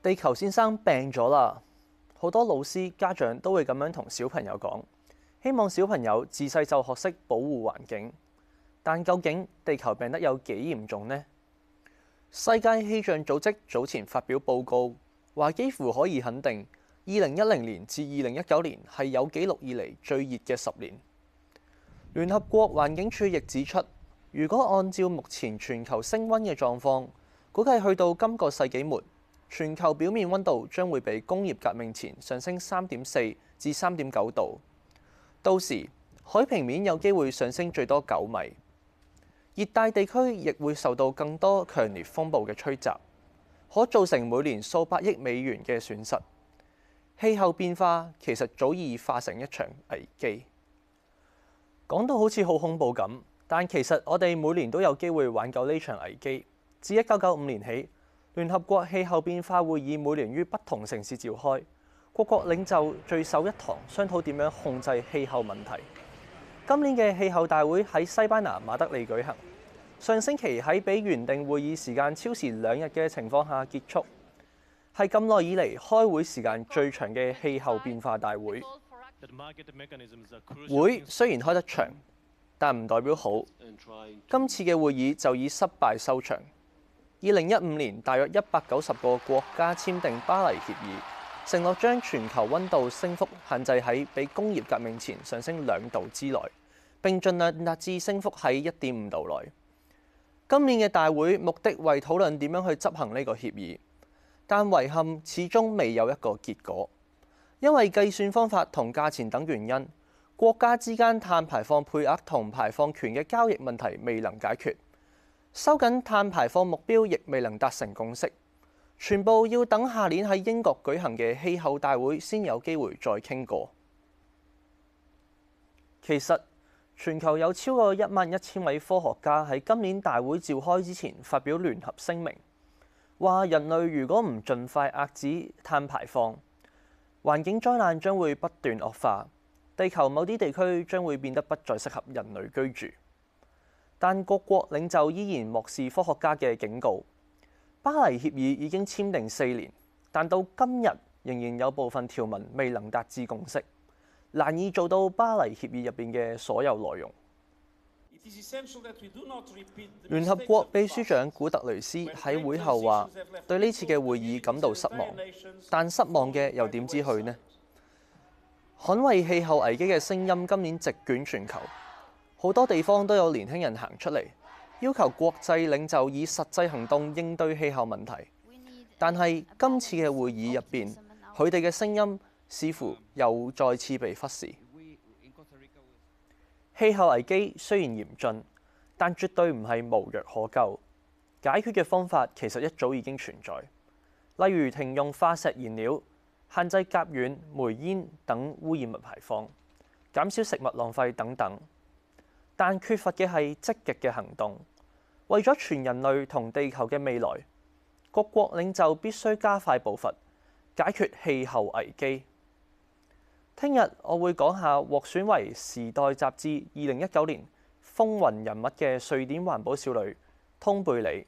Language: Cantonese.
地球先生病咗啦，好多老師、家長都會咁樣同小朋友講，希望小朋友自細就學識保護環境。但究竟地球病得有幾嚴重呢？世界氣象組織早前發表報告，話幾乎可以肯定，二零一零年至二零一九年係有記錄以嚟最熱嘅十年。聯合國環境署亦指出，如果按照目前全球升温嘅狀況，估計去到今個世紀末，全球表面温度將會比工業革命前上升三點四至三點九度，到時海平面有機會上升最多九米，熱帶地區亦會受到更多強烈風暴嘅吹襲，可造成每年數百億美元嘅損失。氣候變化其實早已化成一場危機，講到好似好恐怖咁，但其實我哋每年都有機會挽救呢場危機。自一九九五年起。聯合國氣候變化會議每年於不同城市召開，各國領袖聚首一堂，商討點樣控制氣候問題。今年嘅氣候大會喺西班牙馬德里舉行，上星期喺比原定會議時間超時兩日嘅情況下結束，係咁耐以嚟開會時間最長嘅氣候變化大會。會雖然開得長，但唔代表好。今次嘅會議就以失敗收場。二零一五年，大約一百九十個國家簽訂巴黎協議，承諾將全球溫度升幅限制喺比工業革命前上升兩度之內，並盡量壓至升幅喺一點五度內。今年嘅大會目的為討論點樣去執行呢個協議，但遺憾始終未有一個結果，因為計算方法同價錢等原因，國家之間碳排放配額同排放權嘅交易問題未能解決。收緊碳排放目標亦未能達成共識，全部要等下年喺英國舉行嘅氣候大會先有機會再傾過。其實，全球有超過一萬一千位科學家喺今年大會召開之前發表聯合聲明，話人類如果唔盡快遏止碳排放，環境災難將會不斷惡化，地球某啲地區將會變得不再適合人類居住。但各國領袖依然漠視科學家嘅警告。巴黎協議已經簽訂四年，但到今日仍然有部分條文未能達至共識，難以做到巴黎協議入面嘅所有內容。聯合國秘書長古特雷斯喺會後話：對呢次嘅會議感到失望。但失望嘅又點知去呢？捍衛氣候危機嘅聲音今年席捲全球。好多地方都有年輕人行出嚟，要求國際領袖以實際行動應對氣候問題。但係今次嘅會議入邊，佢哋嘅聲音似乎又再次被忽視。氣候危機雖然嚴峻，但絕對唔係無藥可救。解決嘅方法其實一早已經存在，例如停用化石燃料、限制甲烷、煤煙等污染物排放、減少食物浪費等等。但缺乏嘅係積極嘅行動。為咗全人類同地球嘅未來，各國領袖必須加快步伐，解決氣候危機。聽日我會講下獲選為時代雜誌二零一九年風雲人物嘅瑞典環保少女通貝里。